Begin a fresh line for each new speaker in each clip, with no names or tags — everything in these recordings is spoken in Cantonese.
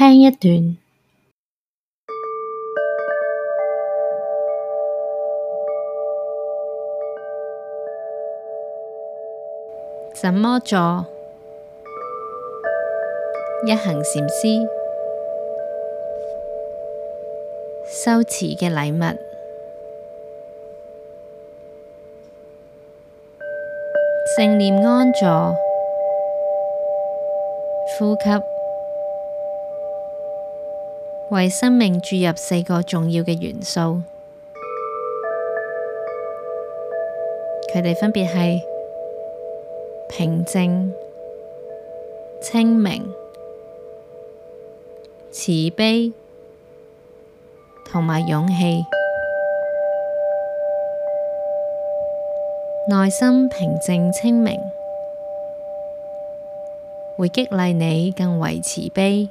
聽一段，什麼座一行禪師修持嘅禮物，正念安坐，呼吸。為生命注入四個重要嘅元素，佢哋分別係平靜、清明、慈悲同埋勇氣。內心平靜清明，會激勵你更為慈悲。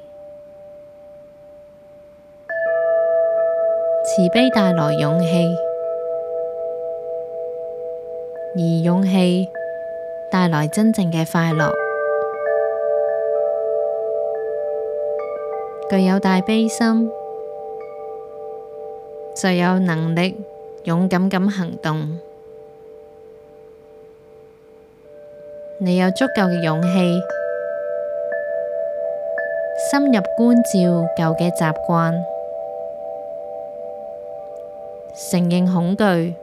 慈悲帶來勇氣，而勇氣帶來真正嘅快樂。具有大悲心，就有能力勇敢咁行動。你有足夠嘅勇氣，深入觀照舊嘅習慣。承認恐懼，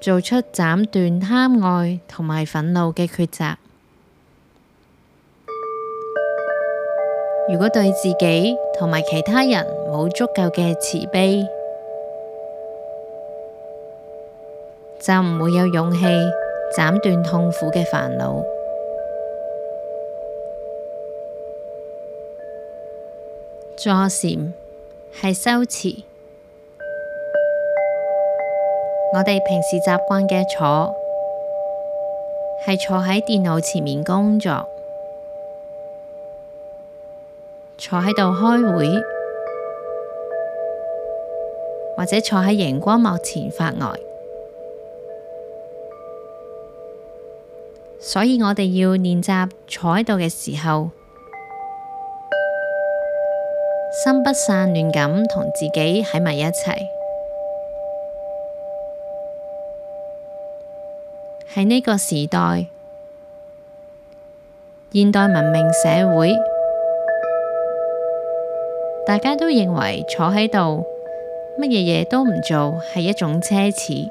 做出斬斷貪愛同埋憤怒嘅抉擇。如果對自己同埋其他人冇足夠嘅慈悲，就唔會有勇氣斬斷痛苦嘅煩惱。坐禪。係修辭。我哋平時習慣嘅「坐」，係坐喺電腦前面工作，坐喺度開會，或者坐喺熒光幕前發呆。所以我哋要練習坐喺度嘅時候。心不散亂咁同自己喺埋一齊。喺呢個時代，現代文明社會，大家都認為坐喺度乜嘢嘢都唔做係一種奢侈，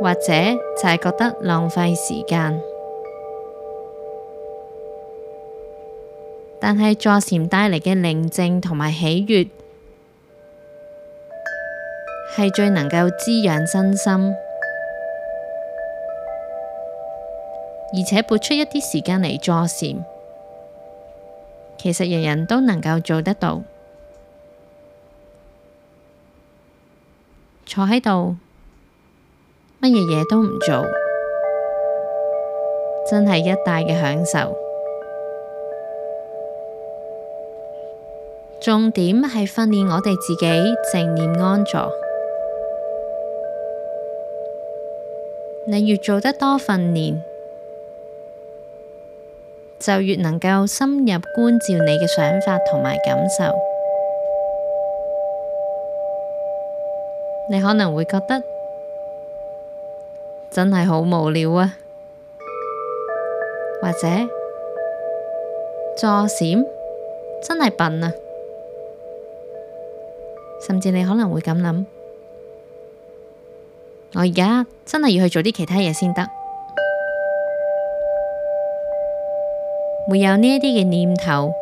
或者就係覺得浪費時間。但係坐禪帶嚟嘅寧靜同埋喜悅，係最能夠滋養身心。而且撥出一啲時間嚟坐禪，其實人人都能夠做得到。坐喺度，乜嘢嘢都唔做，真係一大嘅享受。重點係訓練我哋自己正念安坐，你越做得多訓練，就越能夠深入觀照你嘅想法同埋感受。你可能會覺得真係好無聊啊，或者坐閃真係笨啊！甚至你可能會咁諗，我而家真係要去做啲其他嘢先得。 會有呢一啲嘅念頭，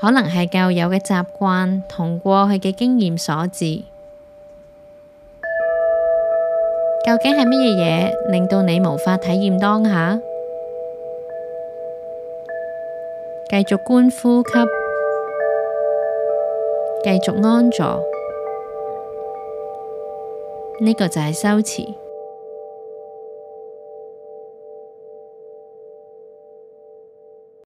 可能係舊有嘅習慣同過去嘅經驗所致。究竟係乜嘢嘢令到你無法體驗當下？繼續觀呼吸。繼續安坐，呢個就係修持。